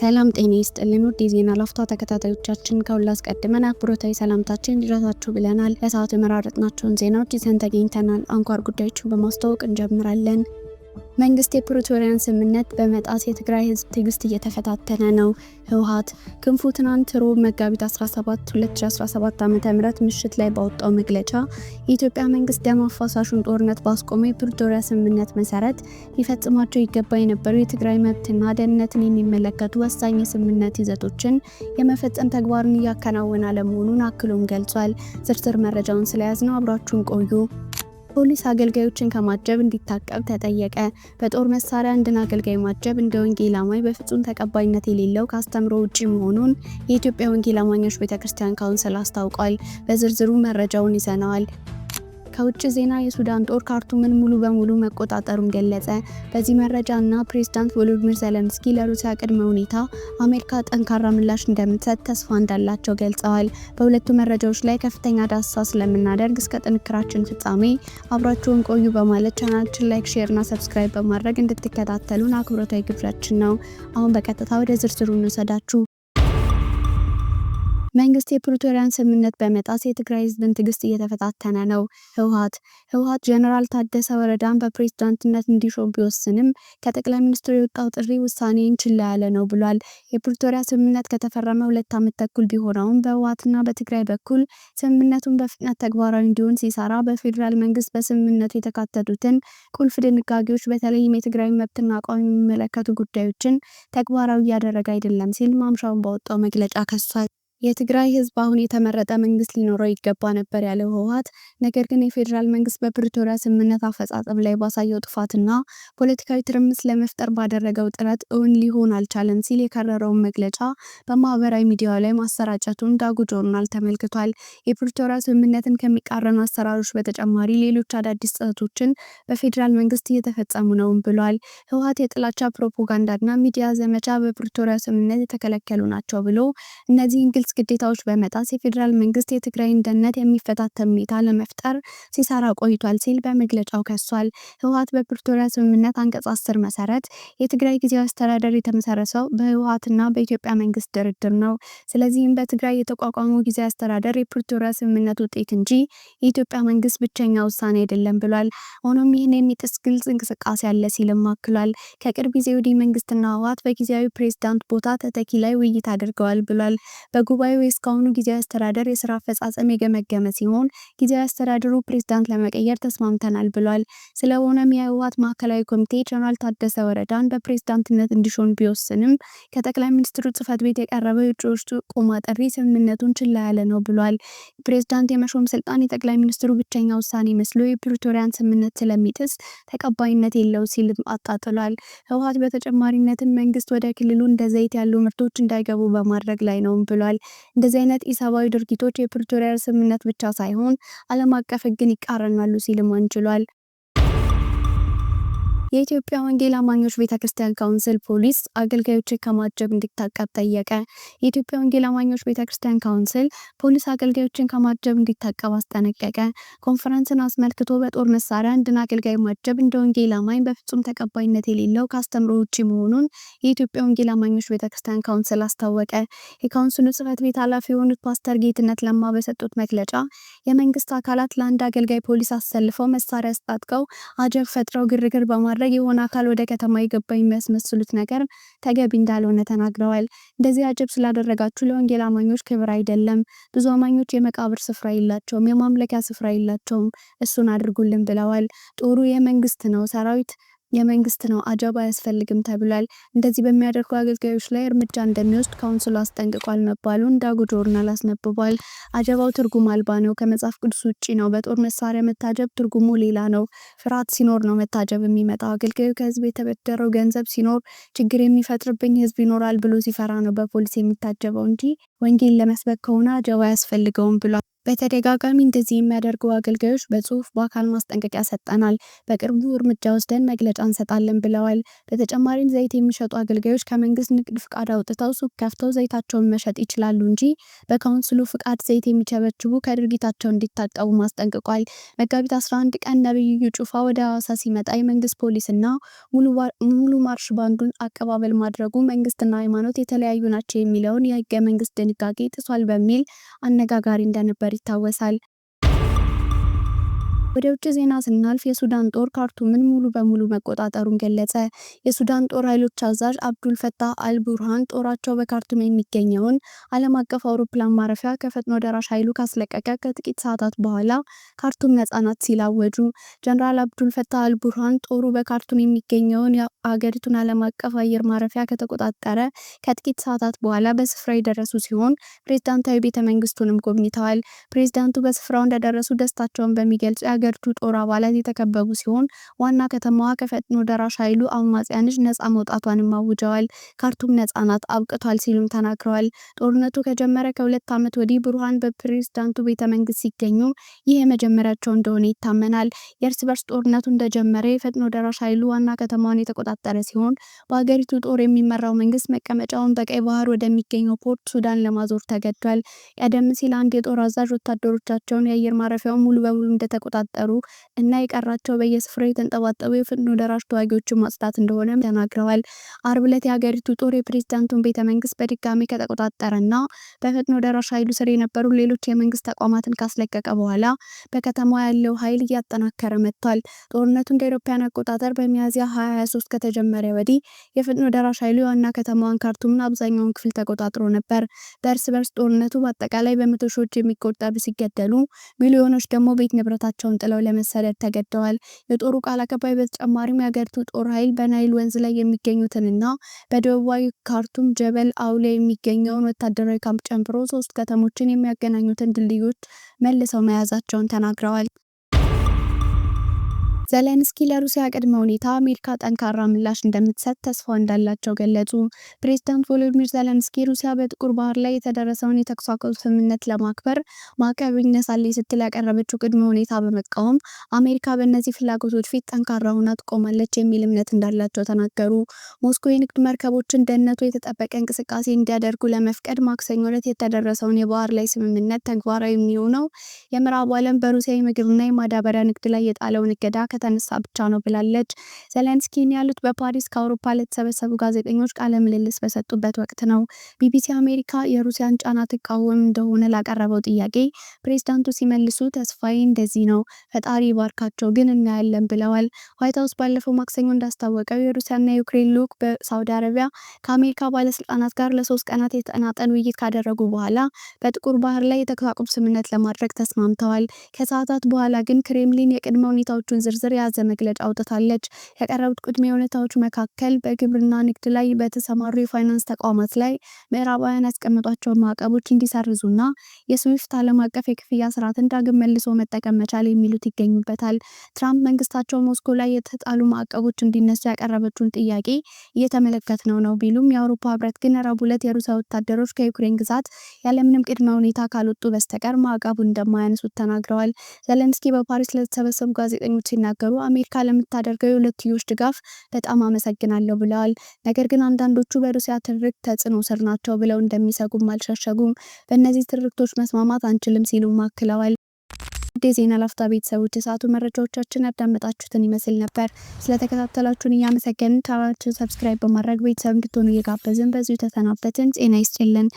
ሰላም ጤና ይስጥልን ውድ የዜና ላፍታ ተከታታዮቻችን፣ ከሁሉ አስቀድመን አክብሮታዊ ሰላምታችን ይድረሳችሁ ብለናል። ለሰዓቱ የመራረጥናቸውን ዜናዎች ይዘን ተገኝተናል። አንኳር ጉዳዮችን በማስተዋወቅ እንጀምራለን። መንግስት የፕሪቶሪያን ስምምነት በመጣስ የትግራይ ህዝብ ትዕግስት እየተፈታተነ ነው። ህወሓት ክንፉ ትናንት ሮብ መጋቢት 17 2017 ዓ.ም ምሽት ላይ ባወጣው መግለጫ የኢትዮጵያ መንግስት ደም አፋሳሹን ጦርነት ባስቆመ የፕሪቶሪያ ስምምነት መሰረት ሊፈጽማቸው ይገባ የነበሩ የትግራይ መብትና ደህንነትን የሚመለከቱ ወሳኝ የስምምነት ይዘቶችን የመፈጸም ተግባርን እያከናወነ አለመሆኑን አክሎም ገልጿል። ዝርዝር መረጃውን ስለያዝነው አብራችሁን ቆዩ። ፖሊስ አገልጋዮችን ከማጀብ እንዲታቀብ ተጠየቀ። በጦር መሳሪያ አንድን አገልጋይ ማጀብ እንደ ወንጌል አማኝ በፍጹም ተቀባይነት የሌለው ከአስተምሮ ውጭ መሆኑን የኢትዮጵያ ወንጌል አማኞች ቤተክርስቲያን ካውንስል አስታውቋል። በዝርዝሩ መረጃውን ይዘነዋል። ከውጭ ዜና የሱዳን ጦር ካርቱምን ሙሉ በሙሉ መቆጣጠሩን ገለጸ። በዚህ መረጃና ፕሬዝዳንት ቮሎዲሚር ዘለንስኪ ለሩሲያ ቅድመ ሁኔታ አሜሪካ ጠንካራ ምላሽ እንደምትሰጥ ተስፋ እንዳላቸው ገልጸዋል። በሁለቱ መረጃዎች ላይ ከፍተኛ ዳሰሳ ስለምናደርግ እስከ ጥንክራችን ፍጻሜ አብራችሁን ቆዩ በማለት ቻናላችን ላይክ፣ ሼርና ሰብስክራይብ በማድረግ እንድትከታተሉን አክብሮታዊ ግብዣችን ነው። አሁን በቀጥታ ወደ ዝርዝሩ እንውሰዳችሁ። መንግስት የፕሪቶሪያን ስምምነት በመጣስ የትግራይ ህዝብን ትግስት እየተፈታተነ ነው። ህወሀት ህወሀት ጀነራል ታደሰ ወረዳን በፕሬዝዳንትነት እንዲሾም ቢወስንም ከጠቅላይ ሚኒስትሩ የወጣው ጥሪ ውሳኔን ችላ ያለ ነው ብሏል። የፕሪቶሪያ ስምምነት ከተፈረመ ሁለት ዓመት ተኩል ቢሆነውም በህወሀትና በትግራይ በኩል ስምምነቱን በፍጥነት ተግባራዊ እንዲሆን ሲሰራ በፌዴራል መንግስት በስምምነቱ የተካተቱትን ቁልፍ ድንጋጌዎች በተለይም የትግራይ መብትና አቋም የሚመለከቱ ጉዳዮችን ተግባራዊ እያደረገ አይደለም ሲል ማምሻውን ባወጣው መግለጫ ከሷል። የትግራይ ህዝብ አሁን የተመረጠ መንግስት ሊኖረው ይገባ ነበር ያለው ህወሓት፣ ነገር ግን የፌዴራል መንግስት በፕሪቶሪያ ስምምነት አፈጻጸም ላይ ባሳየው ጥፋትና ፖለቲካዊ ትርምስ ለመፍጠር ባደረገው ጥረት እውን ሊሆን አልቻለም ሲል የከረረውን መግለጫ በማህበራዊ ሚዲያ ላይ ማሰራጨቱን ዳጉ ጆርናል ተመልክቷል። የፕሪቶሪያ ስምምነትን ከሚቃረኑ አሰራሮች በተጨማሪ ሌሎች አዳዲስ ጥሰቶችን በፌዴራል መንግስት እየተፈጸሙ ነውም ብሏል። ህወሓት የጥላቻ ፕሮፓጋንዳና ሚዲያ ዘመቻ በፕሪቶሪያ ስምምነት የተከለከሉ ናቸው ብሎ እነዚህን ግልጽ የመንግስት ግዴታዎች በመጣስ የፌዴራል መንግስት የትግራይን ደህንነት የሚፈታተን ሁኔታ ለመፍጠር ሲሰራ ቆይቷል ሲል በመግለጫው ከሷል። ህወሀት በፕሪቶሪያ ስምምነት አንቀጽ አስር መሰረት የትግራይ ጊዜያዊ አስተዳደር የተመሰረተው በህወሀትና በኢትዮጵያ መንግስት ድርድር ነው። ስለዚህም በትግራይ የተቋቋመው ጊዜያዊ አስተዳደር የፕሪቶሪያ ስምምነት ውጤት እንጂ የኢትዮጵያ መንግስት ብቸኛ ውሳኔ አይደለም ብሏል። ሆኖም ይህን የሚጥስ ግልጽ እንቅስቃሴ አለ ሲልም አክሏል። ከቅርብ ጊዜ ወዲህ መንግስትና ህወሀት በጊዜያዊ ፕሬዝዳንት ቦታ ተተኪ ላይ ውይይት አድርገዋል ብሏል። በጉ ጉባኤው የእስካሁኑ ጊዜያዊ አስተዳደር የስራ አፈጻጸም የገመገመ ሲሆን ጊዜያዊ አስተዳደሩ ፕሬዝዳንት ለመቀየር ተስማምተናል ብሏል። ስለሆነም የህወሓት ማዕከላዊ ኮሚቴ ጀነራል ታደሰ ወረዳን በፕሬዝዳንትነት እንዲሾን ቢወስንም ከጠቅላይ ሚኒስትሩ ጽህፈት ቤት የቀረበው የእጩዎች ጥቆማ ጥሪ ስምምነቱን ችላ ያለ ነው ብሏል። ፕሬዝዳንት የመሾም ስልጣን የጠቅላይ ሚኒስትሩ ብቸኛ ውሳኔ መስሎ የፕሪቶሪያን ስምምነት ስለሚጥስ ተቀባይነት የለው ሲል አጣጥሏል። ህወሓት በተጨማሪነትም መንግስት ወደ ክልሉ እንደ ዘይት ያሉ ምርቶች እንዳይገቡ በማድረግ ላይ ነው ብሏል። እንደዚህ አይነት ኢሰብአዊ ድርጊቶች የፕሪቶሪያ ስምምነት ብቻ ሳይሆን ዓለም አቀፍ ሕግን ይቃረናሉ ሲልም አንችሏል። የኢትዮጵያ ወንጌል አማኞች ቤተክርስቲያን ካውንስል ፖሊስ አገልጋዮችን ከማጀብ እንዲታቀብ ጠየቀ። የኢትዮጵያ ወንጌል አማኞች ቤተክርስቲያን ካውንስል ፖሊስ አገልጋዮችን ከማጀብ እንዲታቀብ አስጠነቀቀ። ኮንፈረንስን አስመልክቶ በጦር መሳሪያ አንድን አገልጋይ ማጀብ እንደ ወንጌል አማኝ በፍጹም ተቀባይነት የሌለው ከአስተምሮ ውጭ መሆኑን የኢትዮጵያ ወንጌል አማኞች ቤተክርስቲያን ካውንስል አስታወቀ። የካውንስሉ ጽሕፈት ቤት ኃላፊ የሆኑት ፓስተር ጌትነት ለማ በሰጡት መግለጫ የመንግስት አካላት ለአንድ አገልጋይ ፖሊስ አሰልፈው መሳሪያ አስታጥቀው አጀብ ፈጥረው ግርግር በማድረግ በማድረግ የሆነ አካል ወደ ከተማ የገባ የሚያስመስሉት ነገር ተገቢ እንዳልሆነ ተናግረዋል። እንደዚህ አጀብ ስላደረጋችሁ ለወንጌል አማኞች ክብር አይደለም። ብዙ አማኞች የመቃብር ስፍራ የላቸውም፣ የማምለኪያ ስፍራ የላቸውም። እሱን አድርጉልን ብለዋል። ጦሩ የመንግስት ነው፣ ሰራዊት የመንግስት ነው፣ አጃብ አያስፈልግም ተብሏል። እንደዚህ በሚያደርጉ አገልጋዮች ላይ እርምጃ እንደሚወስድ ካውንስሉ አስጠንቅቋል መባሉን ዳጉ ጆርናል አስነብቧል። አጀባው ትርጉም አልባ ነው፣ ከመጽሐፍ ቅዱስ ውጭ ነው። በጦር መሳሪያ መታጀብ ትርጉሙ ሌላ ነው። ፍርሃት ሲኖር ነው መታጀብ የሚመጣው። አገልጋዩ ከህዝብ የተበደረው ገንዘብ ሲኖር ችግር የሚፈጥርብኝ ህዝብ ይኖራል ብሎ ሲፈራ ነው በፖሊስ የሚታጀበው እንጂ ወንጌል ለመስበክ ከሆነ አጀባ አያስፈልገውም ብሏል። በተደጋጋሚ እንደዚህ የሚያደርጉ አገልጋዮች በጽሁፍ በአካል ማስጠንቀቂያ ሰጠናል፣ በቅርቡ እርምጃ ወስደን መግለጫ እንሰጣለን ብለዋል። በተጨማሪም ዘይት የሚሸጡ አገልጋዮች ከመንግስት ንግድ ፍቃድ አውጥተው ሱቅ ከፍተው ዘይታቸውን መሸጥ ይችላሉ እንጂ በካውንስሉ ፍቃድ ዘይት የሚቸበችቡ ከድርጊታቸው እንዲታቀቡ ማስጠንቅቋል። መጋቢት 11 ቀን ነብዩ ጩፋ ወደ ሐዋሳ ሲመጣ የመንግስት ፖሊስና ሙሉ ማርሽ ባንዱን አቀባበል ማድረጉ መንግስትና ሃይማኖት የተለያዩ ናቸው የሚለውን የህገ መንግስት ድንጋጌ ጥሷል በሚል አነጋጋሪ እንደነበር ጋር ይታወሳል። ወደ ውጭ ዜና ስናልፍ የሱዳን ጦር ካርቱምን ሙሉ በሙሉ መቆጣጠሩን ገለጸ። የሱዳን ጦር ኃይሎች አዛዥ አብዱል አልቡርሃን ጦራቸው በካርቱም የሚገኘውን ዓለም አቀፍ አውሮፕላን ማረፊያ ከፈጥኖ ደራሽ ኃይሉ ካስለቀቀ ከጥቂት ሰዓታት በኋላ ካርቱም ነጻ ናት ሲል አወጁ። ጀነራል አብዱል ፈታህ ጦሩ በካርቱም የሚገኘውን የአገሪቱን ዓለም አቀፍ አየር ማረፊያ ከተቆጣጠረ ከጥቂት ሰዓታት በኋላ በስፍራ የደረሱ ሲሆን ፕሬዝዳንታዊ ቤተ መንግስቱንም ጎብኝተዋል። ፕሬዝዳንቱ በስፍራው እንደደረሱ ደስታቸውን በሚገልጹ የሀገሪቱ ጦር አባላት የተከበቡ ሲሆን ዋና ከተማዋ ከፈጥኖ ደራሽ ኃይሉ አማጽያኖች ነጻ መውጣቷንም አውጀዋል። ካርቱም ነጻ ናት፣ አብቅቷል ሲሉም ተናግረዋል። ጦርነቱ ከጀመረ ከሁለት ዓመት ወዲህ ብሩሃን በፕሬዝዳንቱ ቤተ መንግስት ሲገኙ ይህ የመጀመሪያቸው እንደሆነ ይታመናል። የእርስ በርስ ጦርነቱ እንደጀመረ የፈጥኖ ደራሽ ኃይሉ ዋና ከተማዋን የተቆጣጠረ ሲሆን በሀገሪቱ ጦር የሚመራው መንግስት መቀመጫውን በቀይ ባህር ወደሚገኘው ፖርት ሱዳን ለማዞር ተገዷል። ቀደም ሲል አንድ የጦር አዛዥ ወታደሮቻቸውን የአየር ማረፊያውን ሙሉ በሙሉ እንደተቆጣጠ ተፈጠሩ እና የቀራቸው በየስፍራው የተንጠባጠቡ የፋኖ ደራሽ ተዋጊዎችን ማጽዳት እንደሆነ ተናግረዋል። አርብ ዕለት የሀገሪቱ ጦር የፕሬዚዳንቱን ቤተ መንግስት በድጋሚ ከተቆጣጠረና በፋኖ ደራሽ ኃይሉ ስር የነበሩ ሌሎች የመንግስት ተቋማትን ካስለቀቀ በኋላ በከተማ ያለው ኃይል እያጠናከረ መጥቷል። ጦርነቱ እንደ አውሮፓውያን አቆጣጠር በሚያዝያ 23 ከተጀመረ ወዲህ የፍጥኖ ደራሽ ኃይሉ የዋና ከተማዋን ካርቱምን አብዛኛውን ክፍል ተቆጣጥሮ ነበር። በእርስ በርስ ጦርነቱ በአጠቃላይ በመቶ ሺዎች የሚቆጠሩ ሲገደሉ ሚሊዮኖች ደግሞ ቤት ንብረታቸውን ጥለው ለመሰደድ ተገደዋል። የጦሩ ቃል አቀባይ በተጨማሪም የሀገሪቱ ጦር ኃይል በናይል ወንዝ ላይ የሚገኙትንና በደቡባዊ ካርቱም ጀበል አውላ የሚገኘውን ወታደራዊ ካምፕ ጨምሮ ሶስት ከተሞችን የሚያገናኙትን ድልድዮች መልሰው መያዛቸውን ተናግረዋል። ዘለንስኪ ለሩሲያ ቅድመ ሁኔታ አሜሪካ ጠንካራ ምላሽ እንደምትሰጥ ተስፋ እንዳላቸው ገለጹ። ፕሬዚዳንት ቮሎዲሚር ዘለንስኪ ሩሲያ በጥቁር ባህር ላይ የተደረሰውን የተኩስ አቁም ስምምነት ለማክበር ማዕቀብ ይነሳልኝ ስትል ያቀረበችው ቅድመ ሁኔታ በመቃወም አሜሪካ በእነዚህ ፍላጎቶች ፊት ጠንካራ ሆና ትቆማለች የሚል እምነት እንዳላቸው ተናገሩ። ሞስኮ የንግድ መርከቦችን ደህንነቱ የተጠበቀ እንቅስቃሴ እንዲያደርጉ ለመፍቀድ ማክሰኞ ዕለት የተደረሰውን የባህር ላይ ስምምነት ተግባራዊ የሚሆነው የምዕራቡ ዓለም በሩሲያ የምግብና የማዳበሪያ ንግድ ላይ የጣለውን እገዳ ከተነሳ ብቻ ነው ብላለች። ዘለንስኪን ያሉት በፓሪስ ከአውሮፓ ለተሰበሰቡ ጋዜጠኞች ቃለ ምልልስ በሰጡበት ወቅት ነው። ቢቢሲ አሜሪካ የሩሲያን ጫና ትቃወም እንደሆነ ላቀረበው ጥያቄ ፕሬዝዳንቱ ሲመልሱ ተስፋዬ እንደዚህ ነው፣ ፈጣሪ ባርካቸው ግን እናያለን ብለዋል። ዋይት ሀውስ ባለፈው ማክሰኞ እንዳስታወቀው የሩሲያና የዩክሬን ልዑክ በሳውዲ አረቢያ ከአሜሪካ ባለስልጣናት ጋር ለሶስት ቀናት የተጠናጠን ውይይት ካደረጉ በኋላ በጥቁር ባህር ላይ የተኩስ አቁም ስምምነት ለማድረግ ተስማምተዋል። ከሰዓታት በኋላ ግን ክሬምሊን የቅድመ ሁኔታዎቹን ዝርዝር ዝርዝር የያዘ መግለጫ አውጥታለች። ከቀረቡት ቅድመ ሁኔታዎች መካከል በግብርና ንግድ ላይ በተሰማሩ የፋይናንስ ተቋማት ላይ ምዕራባውያን ያስቀመጧቸውን ማዕቀቦች እንዲሰርዙና የስዊፍት ዓለም አቀፍ የክፍያ ስርዓትን ዳግም መልሶ መጠቀም መቻል የሚሉት ይገኙበታል። ትራምፕ መንግስታቸው ሞስኮ ላይ የተጣሉ ማዕቀቦች እንዲነሱ ያቀረበችውን ጥያቄ እየተመለከት ነው ነው ቢሉም የአውሮፓ ህብረት ግን ረቡዕ ዕለት የሩሲያ ወታደሮች ከዩክሬን ግዛት ያለምንም ቅድመ ሁኔታ ካልወጡ በስተቀር ማዕቀቡ እንደማያነሱት ተናግረዋል። ዘለንስኪ በፓሪስ ለተሰበሰቡ ጋዜጠኞች ሲናገ ሲናገሩ አሜሪካ ለምታደርገው የሁለትዮሽ ድጋፍ በጣም አመሰግናለሁ ብለዋል። ነገር ግን አንዳንዶቹ በሩሲያ ትርክ ተጽዕኖ ስር ናቸው ብለው እንደሚሰጉም አልሸሸጉም። በእነዚህ ትርክቶች መስማማት አንችልም ሲሉም አክለዋል። ዜና ላፍታ ቤተሰቦች የሰዓቱ መረጃዎቻችን ያዳመጣችሁትን ይመስል ነበር። ስለተከታተላችሁን እያመሰገንን ታባችን ሰብስክራይብ በማድረግ ቤተሰብ እንድትሆኑ እየጋበዝን በዚሁ ተሰናበትን። ጤና ይስጥልን።